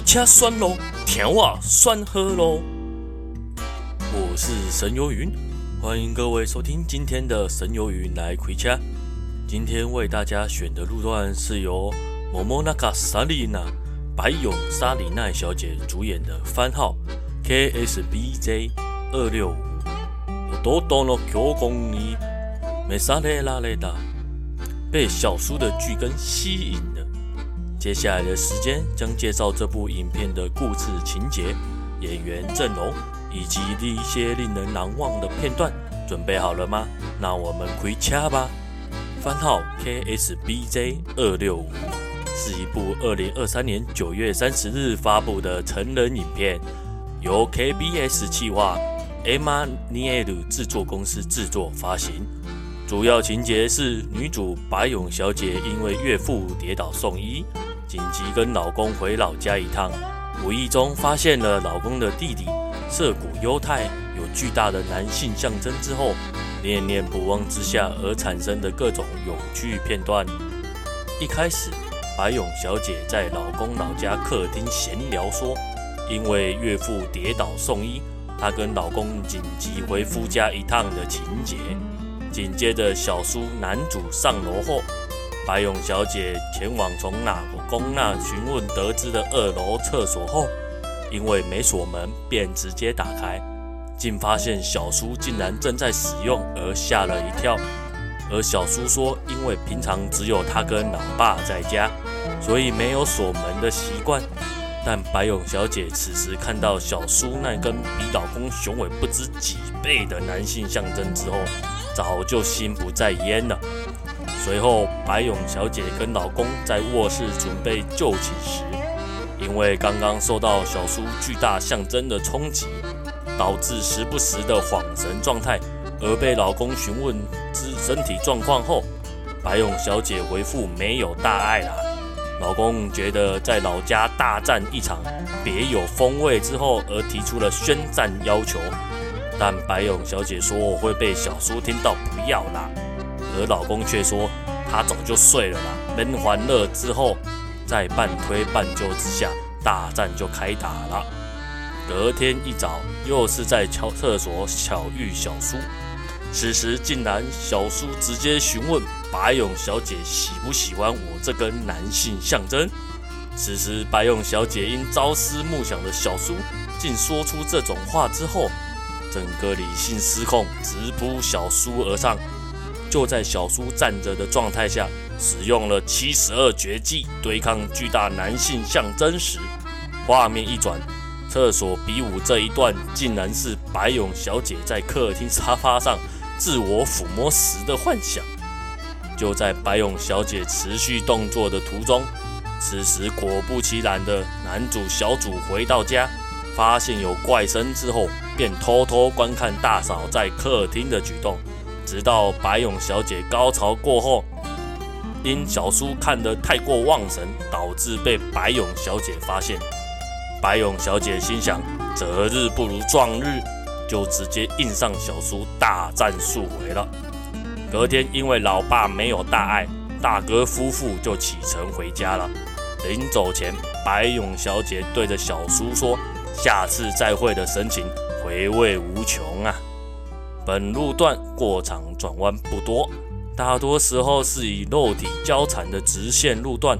吃酸咯，甜哇酸喝咯。我是神游雲，歡迎各位收聽今天的神游雲來開車。今天為大家選的路段是由某某那個薩莉娜百永薩里奈小姐主演的番號 KSBJ 二六五。我多走了九公里，美莎的拉雷達。被小叔的巨根吸引。接下來的時間將介紹這部影片的故事情節、演員陣容以及一些令人難忘的片段。準備好了嗎？那我們開車吧。番號 KSBJ 二六五是一部二零二三年九月三十日發布的成人影片，由 KBS 企劃、MNL a i e 製作公司製作發行。主要情節是女主百永小姐因為岳父跌倒送醫。緊急跟老公回老家一趟，無意中發現了老公的弟弟澀谷優太有巨大的男性象徵之後，念念不忘之下而產生的各種有趣片段。一開始，百永小姐在老公老家客廳閒聊說，因為岳父跌倒送醫，她跟老公緊急回夫家一趟的情節。緊接着，小叔男主上樓後。百永小姐前往從老公那詢問得知的二樓廁所後，因為沒鎖門，便直接打開，竟發現小叔竟然正在使用，而嚇了一跳。而小叔說，因為平常只有他跟老爸在家，所以沒有鎖門的習慣。但百永小姐此時看到小叔那根比老公雄偉不知幾倍的男性象徵之後，早就心不在焉了。隨後，百永小姐跟老公在臥室準備就寢時，因為剛剛受到小叔巨大象徵的衝擊，導致時不時的恍神狀態，而被老公詢問之身體狀況後，百永小姐回復沒有大礙啦。老公覺得在老家大戰一場，別有風味之後，而提出了宣戰要求，但百永小姐說我會被小叔聽到，不要啦。可老公卻說他早就睡了啦。悶環了之後，在半推半就之下，大戰就開打了。隔天一早，又是在敲廁所巧遇小，小叔。此時竟然小叔直接詢問百永小姐喜不喜歡我這根男性象徵。此時百永小姐因朝思暮想的小叔竟說出這種話之後，整個理性失控，直撲小叔而上。就在小叔站着的狀態下，使用了七十二絕技對抗巨大男性象徵時，畫面一轉，廁所比武這一段竟然是百永小姐在客廳沙發上自我撫摸時的幻想。就在百永小姐持續動作的途中，此時果不其然的男主小主回到家，發現有怪聲之後，便偷偷觀看大嫂在客廳的舉動。直到百永小姐高潮過後，因小叔看得太過忘神，導致被百永小姐發現。百永小姐心想擇日不如撞日，就直接硬上小叔大戰數回了。隔天因為老爸沒有大礙，大哥夫婦就啟程回家了。臨走前，百永小姐對着小叔說：“下次再會”的神情，回味無窮啊。本路段過長轉彎不多，大多時候是以肉體交纏的直線路段，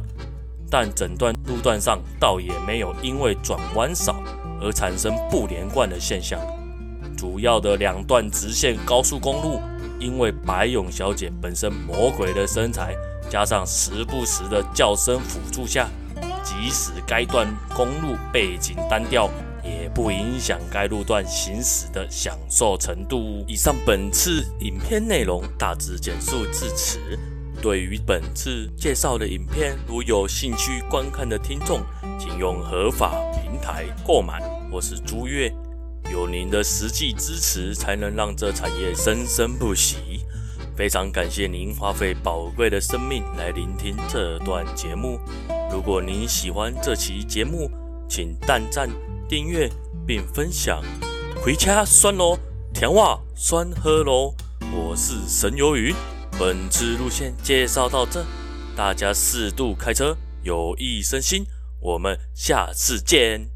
但整段路段上倒也沒有因為轉彎少而產生不連貫的現象。主要的兩段直線高速公路，因為百永小姐本身魔鬼的身材，加上時不時的叫聲輔助下，即使該段公路背景單調。也不影響該路段行駛的享受程度。以上本次影片內容大致簡述至此。對於本次介紹的影片，如有興趣觀看的聽眾，請用合法平台購買或是租閱，有您的實際支持，才能讓這產業生生不息。非常感謝您花費寶貴的生命來聆聽這段節目。如果您喜歡這期節目，請點贊。訂閱並分享，回家酸嘍，甜話酸喝嘍。我是神魷魚，本次路線介紹到這，大家適度開車，有益身心。我們下次見。